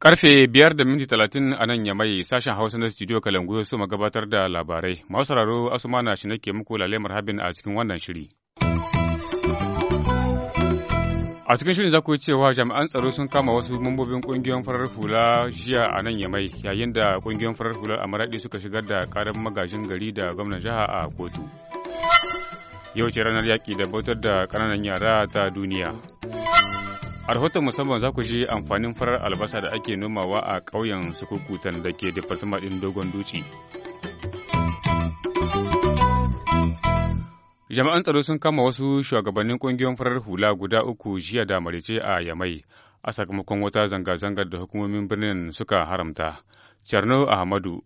Karfe biyar da minti talatin a nan yamai sashen Hausa na studio Kalangu su gabatar da labarai. Masu sauraro na shi nake muku lalemar habin a cikin wannan shiri. A cikin shirin za ku yi cewa jami'an tsaro sun kama wasu mambobin kungiyoyin farar hula jiya a nan yamai yayin da kungiyoyin farar hula a maraɗi suka shigar da karar magajin gari da gwamnan jiha a kotu. Yau ce ranar yaƙi da bautar da ƙananan yara ta duniya. A rahoton musamman za ku ji amfanin farar albasa da ake nomawa a ƙauyen sukukutan da ke departama ɗin dogon duci. Jama'an tsaro sun kama wasu shugabannin ƙungiyoyin farar hula guda uku jiya da marice a Yamai a sakamakon wata zanga-zangar da hukumomin birnin suka haramta. Charno Ahmadu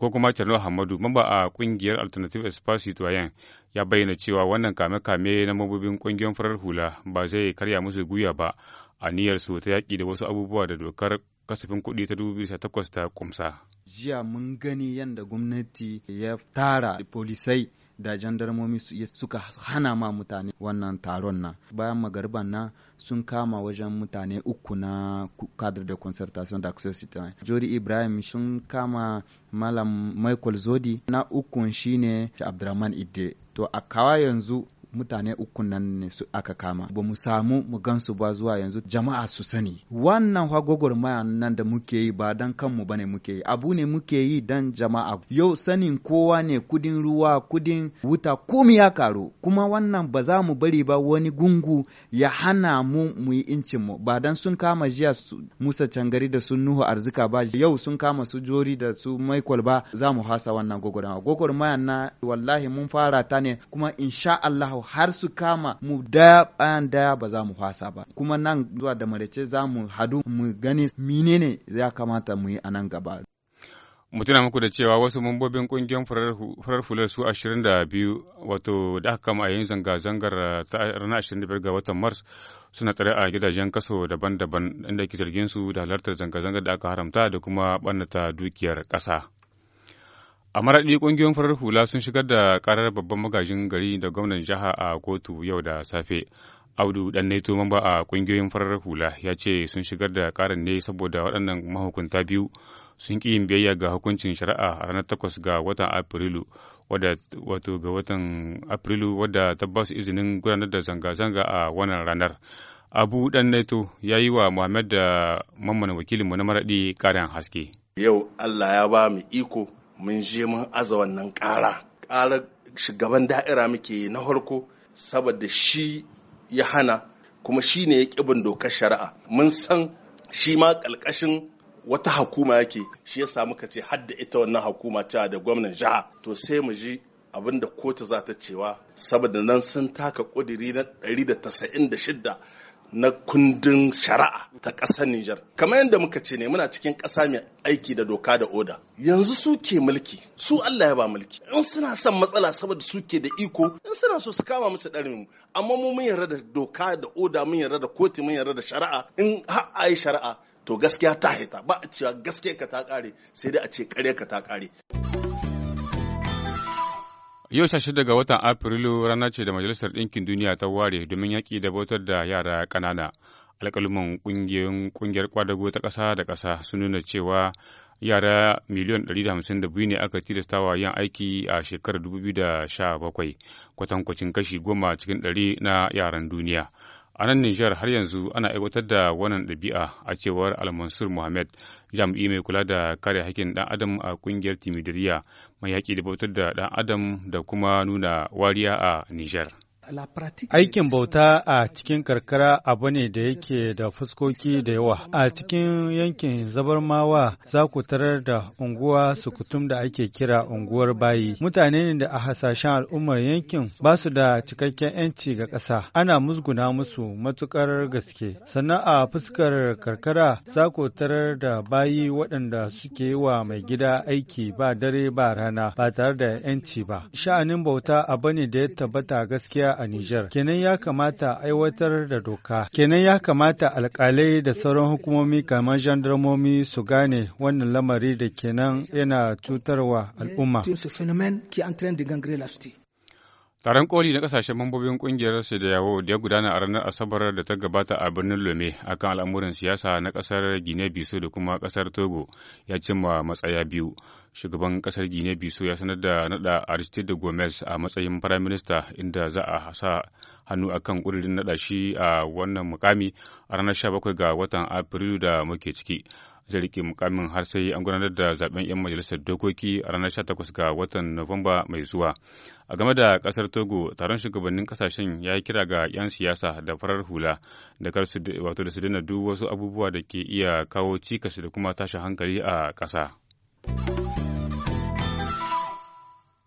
ko kuma Charno Ahmadu mamba a ƙungiyar Alternative Espace Citoyen ya bayyana cewa wannan kame-kame na mabobin ƙungiyoyin farar hula ba zai karya musu guya ba aniyarsu ta yaki da wasu abubuwa da dokar kasafin kuɗi ta dubu takwas ta kumsa. Jiya mun gani yadda gwamnati ya tara polisai da jandarmomi suka hana ma mutane wannan taron na. bayan magarban na sun kama wajen mutane uku na kadar da concertation da accession jori ibrahim sun kama malam michael zodi na ukun shine abdurrahman idde to a kawa yanzu mutane uku nan ne su aka kama ba mu samu mu gansu ba zuwa yanzu jama'a su sani wannan hagogor maya nan da muke yi ba dan kanmu bane muke yi abu ne muke yi dan jama'a yau sanin kowa ne kudin ruwa kudin wuta komi ya karu kuma wannan ba za mu bari ba wani gungu ya hana mu mu yi incin mu ba dan sun kama jiya Musa Cangari da sun Nuhu Arzika ba yau sun kama su Jori da su Michael ba za mu hasa wannan gogor maya na wallahi mun fara ta ne kuma insha Allah har su kama mu daya bayan daya ba za mu fasa ba kuma nan zuwa da marece za mu hadu mu gani menene ya kamata mu yi a nan gaba mu tuna muku da cewa wasu mambobin kungiyar farar fular su 22 wato da aka kama a yin zanga-zangar uh, ta ranar 25 ga watan mars suna tsare a gidajen kaso daban-daban inda ke zargin su da halartar zanga-zangar da aka haramta da kuma ɓannata dukiyar ƙasa. A maraɗi ƙungiyoyin farar hula sun shigar da ƙarar babban magajin gari da gwamnan jiha a kotu yau da safe. Audu ɗan Naito mamba a ƙungiyoyin farar hula ya ce sun shigar da ƙarar ne saboda waɗannan mahukunta biyu sun ƙi yin biyayya ga hukuncin shari'a a ranar takwas ga watan Afrilu wadda wato ga watan Afrilu wadda ta ba su izinin gudanar da zanga-zanga a wannan ranar. Abu dan Naito ya yi wa Muhammad da mamman wakilinmu na maraɗi ƙarin haske. Yau Allah ya ba mu iko mun je mun aza wannan ƙara ƙara shugaban da'ira muke na harko saboda shi ya hana kuma shi ne ya ƙibin dokar shari'a mun san shi ma ƙalƙashin wata hakuma yake shi ya samu ka ce hadda ita wannan hakuma ta da gwamnan jiha to sai mu ji abin da kotu za ta cewa saboda nan sun taka ƙudiri na 196 na kundin shari'a ta ƙasar Nijar. Kamar yadda muka ce ne muna cikin ƙasa mai aiki da doka da oda. Yanzu su ke mulki, su Allah ya ba mulki. In suna son matsala saboda su ke da iko, in suna so su kama musu ɗarin mu. Amma mu mun yarda da doka da oda, mun yarda da koti, mun yarda da shari'a. In har a yi shari'a, to gaskiya ta haita ba a cewa gaskiya ka ta ƙare, sai dai a ce ƙarya ka ta ƙare. Yau sha shida ga watan Afrilu rana ce da Majalisar Ɗinkin Duniya ta ware domin yaƙi da bautar da yara ƙanana. Alƙaluman ƙungiyar ƙwadago ta ƙasa da ƙasa sun nuna cewa yara miliyan 152 ne aka tilastawa yin aiki a shekarar 2017 kwatankwacin kashi goma cikin ɗari na yaran duniya. a nan Nijar har yanzu ana aiwatar da wannan ɗabi'a a cewar Almansur Mohamed jami'i mai kula da kare hakkin ɗan adam a ƙungiyar Timidiriya mai yaƙi da bautar da ɗan adam da kuma nuna wariya a Nijar. Aikin bauta a cikin karkara abu ne da yake da fuskoki da yawa. A cikin yankin zabarmawa za ku tarar da unguwa sukutum da ake kira unguwar bayi. Mutane ne da a hasashen al'ummar yankin ba su da cikakken 'yanci ga ƙasa. Ana musguna musu matuƙar gaske. Sannan a fuskar karkara za ku tarar da bayi waɗanda suke yi wa mai gida aiki ba dare ba rana ba tare da 'yanci ba. Sha'anin bauta abu ne da ya tabbata gaskiya a Nijar. Kenan ya kamata aiwatar da doka. Kenan ya kamata alkalai da sauran hukumomi kamar jandarmomi su gane wannan lamari da kenan yana cutarwa al'umma. Taron koli na kasashen mambobin kungiyar da yawo da ya gudana a ranar Asabar da ta gabata a birnin Lome a kan al'amuran siyasa na kasar gine biso da kuma kasar Togo ya cimma matsaya biyu. Shugaban kasar gine biso ya sanar da nada Aristide Gomez a matsayin firaminista inda za a sa hannu a akan kudurin nada shi a wannan mukami a ranar 17 ga watan Afrilu da muke ciki. zai riƙe mukamin har sai an gudanar da zaben 'yan majalisar dokoki a ranar 18 ga watan Nuwamba mai zuwa. A game da ƙasar Togo, taron shugabannin ƙasashen ya yi kira ga 'yan siyasa da farar hula da kar wato da su daina duk wasu abubuwa da ke iya kawo cikas da kuma tashi hankali a ƙasa.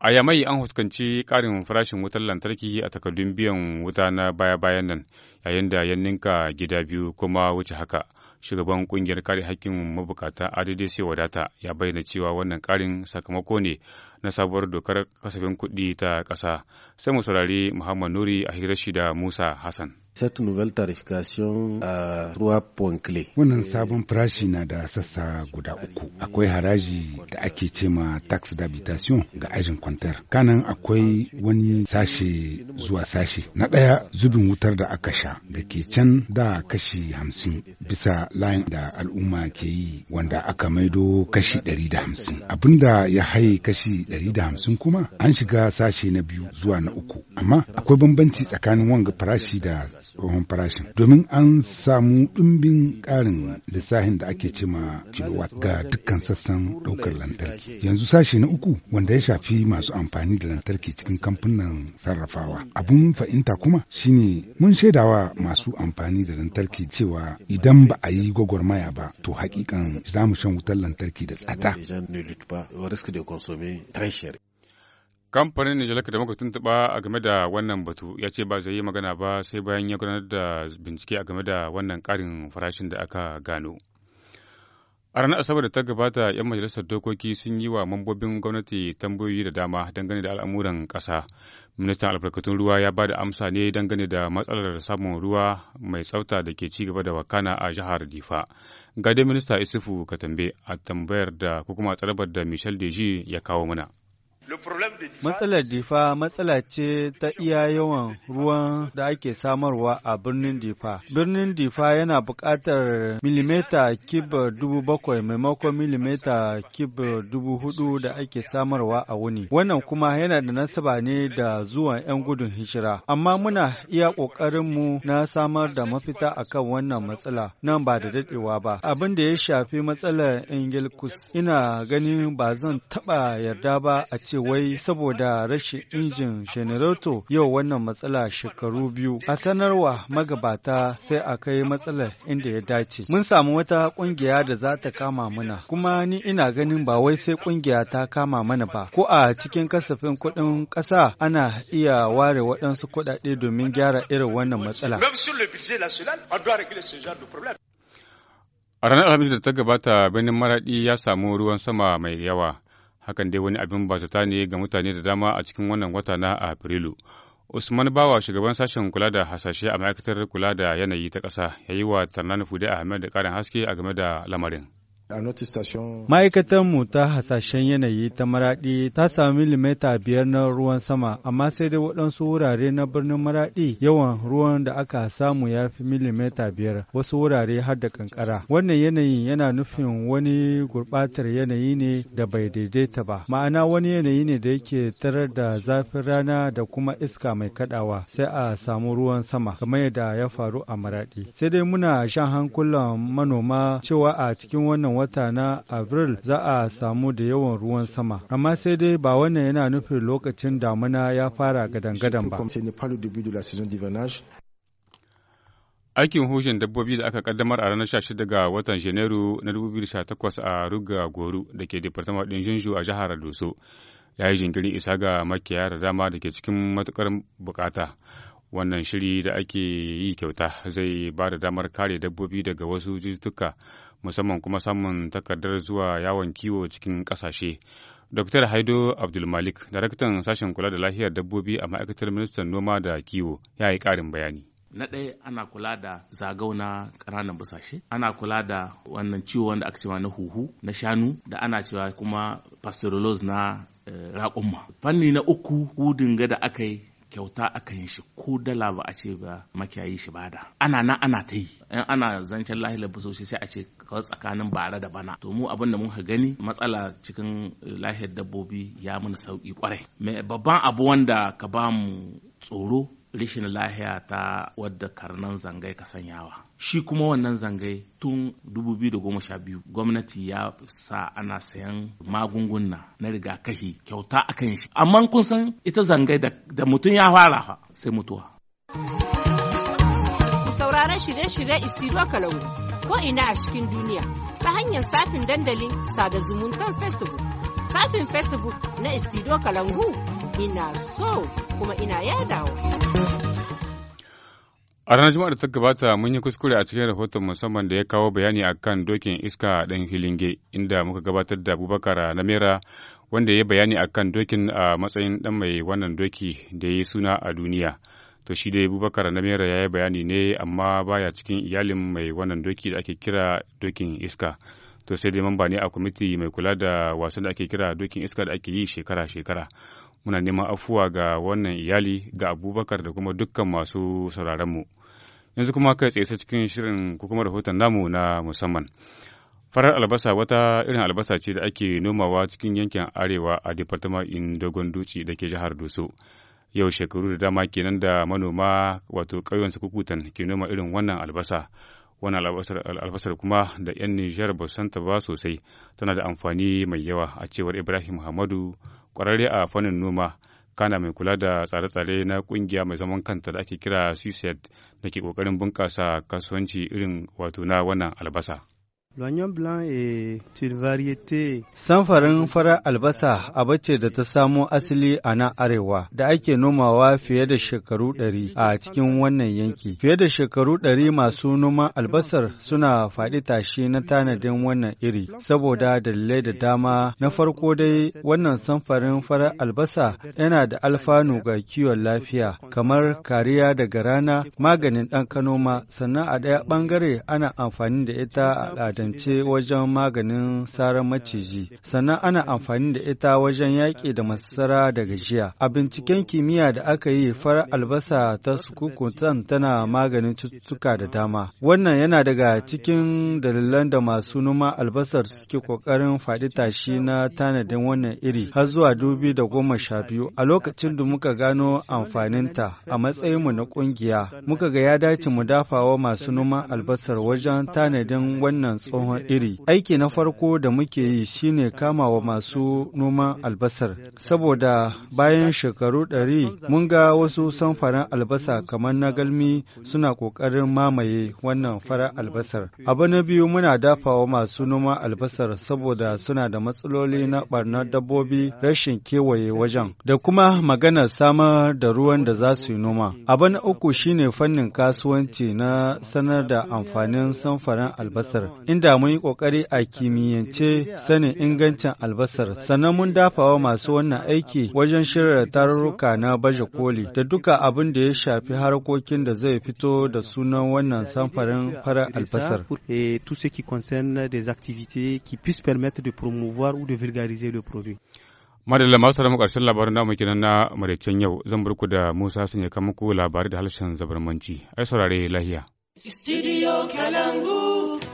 A Yamai an fuskanci karin farashin wutar lantarki a takardun biyan wuta na baya-bayan nan yayin da ya ninka gida biyu kuma wuce haka. shugaban kungiyar kare hakkin mabukata sai wadata ya bayyana cewa wannan karin sakamako ne na sabuwar dokar kasafin kuɗi ta ƙasa sai mu saurari muhammad nuri a hirar shi da musa hassan Cette nouvelle tarification a trois points clés. Wannan sabon farashi na da sassa guda uku. Akwai haraji da ake ce ma tax d'habitation ga ajin kwantar. Kanan akwai wani sashe zuwa sashe. Na ɗaya zubin wutar da aka sha da ke can da kashi hamsin bisa layin da al'umma ke yi wanda aka maido kashi ɗari da hamsin. Abinda ya haye kashi ɗari da hamsin kuma an shiga sashe na biyu zuwa na uku. Amma akwai bambanci tsakanin wanga farashi da tsohon farashin domin an samu ɗumbin ƙarin lissafin da ake cema kilowatt ga dukkan sassan ɗaukar lantarki yanzu sashe na uku wanda ya shafi masu amfani da lantarki cikin kamfunan sarrafawa abun fahimta kuma shine mun shaidawa masu amfani da lantarki cewa idan ba a yi gwagwarmaya ba to hakikan za mu shan wutar lantarki da tsada Kamfanin Nijalaka da muka tuntuɓa a game da wannan batu ya ce ba zai yi magana ba sai bayan ya gudanar da bincike a game da wannan ƙarin farashin da aka gano. A ranar Asabar da ta gabata, 'yan majalisar dokoki sun yi wa mambobin gwamnati tambayoyi da dama dangane da al'amuran ƙasa. Ministan albarkatun ruwa ya ba da amsa ne dangane da matsalar samun ruwa mai tsafta da ke cigaba da wakana a jihar Difa. Gade minista Isufu Katambe a tambayar da ko kuma tsarabar da Michel Deji ya kawo mana. Matsalar Difa matsala ce ta iya yawan ruwan da ake samarwa a birnin Difa. Birnin Difa yana buƙatar milimeta kib dubu bakwai maimakon milimeta kib dubu hudu da ake samarwa a wuni. Wannan kuma yana da nasaba ne da zuwan 'yan gudun hijira. Amma muna iya ƙoƙarinmu na samar da mafita akan wannan matsala nan ba da daɗewa ba. Abin da ya shafi matsalar Ingilkus, ina ganin ba zan taɓa yarda ba a cewa wai saboda rashin injin generator yau wannan matsala shekaru biyu. A sanarwa magabata sai a kai matsalar inda ya dace. Mun samu wata kungiya da za ta kama mana, kuma ni ina ganin ba wai sai kungiya ta kama mana ba. Ko a cikin kasafin kuɗin ƙasa ana iya ware waɗansu kuɗaɗe domin gyara irin wannan matsala. A ranar Alhamis da ta gabata birnin Maraɗi ya samu ruwan sama mai yawa. hakan dai wani abin bazata ne ga mutane da dama a cikin wannan wata na afrilu usman bawa shugaban sashen kula da hasashe a ma'aikatar kula da yanayi ta ƙasa ya yi wa tarnan fude ahmed da ƙarin haske a game da lamarin Ma'aikatanmu ta hasashen yanayi ta Maraɗi ta sami milimita biyar na ruwan sama, amma sai dai waɗansu wurare na birnin Maraɗi yawan ruwan da aka samu ya fi milimita biyar, wasu wurare har da kankara. Wannan yanayin yana nufin wani gurɓatar yanayi ne da bai daidaita ba, ma'ana wani yanayi ne da yake tarar da zafin rana da kuma iska mai kaɗawa, sai a samu ruwan sama kamar yadda ya faru a Maraɗi. Sai dai muna shan hankulan manoma cewa a cikin wannan wata na Avril za a samu da yawan ruwan sama. Amma sai dai ba wannan yana nufin lokacin damuna ya fara gadan ba. Aikin hushin dabbobi da aka kaddamar a ranar 16 ga watan Janairu na 2018 a Ruga Goru da ke Departamar ɗin Jinju a jihar Doso ya yi jinkirin isa ga makiyaya da dama da ke cikin matukar bukata. wannan shiri da ake yi kyauta zai ba da damar kare dabbobi daga wasu cututtuka musamman kuma samun takardar zuwa yawon kiwo cikin ƙasashe dr haido abdulmalik daraktan sashen kula da lafiyar dabbobi a ma'aikatar ministan noma da kiwo ya yi ƙarin bayani na ɗaya ana kula da zagau na ƙananan busashe ana kula da wannan ciwo wanda aka cewa na huhu na shanu da ana cewa kuma pastoralose na eh, raƙumma fanni na uku hudun ga da aka yi kyauta aka yi shi ko dala ba a ce ba makiyayi shi bada ana nan ana ta yi in ana zancen lahila busoshi sai a ce kawai tsakanin bara da bana to mu abin da mun gani matsala cikin lahiyar dabbobi ya mana sauki kwarai babban abu wanda ka ba mu tsoro rishin lahiya ta wadda karnan zangai ka sanyawa shi kuma wannan zangai tun 2012 gwamnati ya sa ana sayan magunguna na rigakafi kyauta a kan shi amma kun san ita zangai da mutum ya fara sai mutuwa sauraron shirye-shirye isiro kalangu ko'ina a cikin duniya ta hanyar safin dandalin sada zumuntar Facebook. Safin Facebook na Istido Kalangu ina so kuma ina yadawa. A ranar Juma'a da ta gabata mun yi kuskure a cikin rahoton musamman da ya kawo bayani akan dokin iska a ɗan hilinge inda muka gabatar da Abubakar na mera wanda ya bayani akan dokin a matsayin ɗan mai wannan doki da ya yi suna a duniya. to shi dai bubakar na mera ya yi bayani ne amma baya cikin iyalin mai wannan doki da ake kira dokin iska to sai dai mamba ne a kwamiti mai kula da wasan da ake kira dokin iska da ake yi shekara-shekara muna neman afuwa ga wannan iyali ga abubakar da kuma dukkan masu sauraronmu yanzu kuma kai tsaye cikin shirin ko kuma rahoton namu na musamman farar albasa wata irin albasa ce da ake nomawa cikin yankin arewa a departament dogon duci da ke jihar doso yau shekaru da dama kenan da manoma wato ƙauyen su kukutan ke noma irin wannan albasa wannan albasar kuma da 'yan nijar ba ta ba sosai tana da amfani mai yawa a cewar ibrahim hamadu ƙwararre a fannin noma kana mai kula da tsare-tsare na kungiya mai zaman kanta da ake kira CSED da ke ƙoƙarin bunƙasa kasuwanci irin wato na wannan albasa. Lanyon blanc e variété. Samfarin fara albasa aba ce da ta samo asali a nan arewa da ake nomawa fiye da shekaru ɗari a cikin wannan yanki. Fiye da shekaru ɗari masu noman albasar suna faɗi tashi na tanadin wannan iri saboda dalilai da dama. Na farko dai wannan samfarin fara albasa yana da alfanu ga kiwon lafiya kamar kariya daga rana, maganin ɗan kanoma, sannan a ɗaya ɓangare ana amfani da ita a kasance wajen maganin sarar maciji, sannan ana amfani da ita wajen yaƙi da masara da gajiya. A binciken kimiyya da aka yi farar albasa ta sukukutan tana maganin cututtuka da dama. Wannan yana daga cikin dalilan da masu noma albasar suke ƙoƙarin faɗi tashi na tanadin wannan iri har zuwa dubi da goma sha biyu a lokacin da muka gano amfaninta a matsayinmu na ƙungiya muka ga ya dace mu dafawa masu noman albasar wajen tanadin wannan tsohon iri. Aiki na farko da muke yi shine kama wa masu noman albasar, saboda bayan shekaru ɗari mun ga wasu samfarin albasa kamar na galmi suna ƙoƙarin mamaye wannan farar albasar. Abu na biyu muna dafawa masu noman albasar saboda suna da matsaloli na ɓarnar dabbobi rashin kewaye wajen, da kuma maganar samar da ruwan da za su yi noma. Abu na uku shine fannin kasuwanci na sanar da amfanin samfarin albasar, inda inda mun yi ƙoƙari a kimiyyance sanin ingancin albasar, sannan mun dafawa masu wannan aiki wajen shirya tarurruka na baje koli da duka abin da ya shafi harkokin da zai fito da sunan wannan samfarin farar albasar. tout ce qui concerne de Madalla masu karshen labarin namu kenan na maraicen yau zan burku da Musa sun yi kama muku labarai da harshen zabarmanci. Ai saurare lahiya. Studio Kalangu.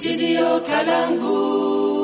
Studio Kalangu.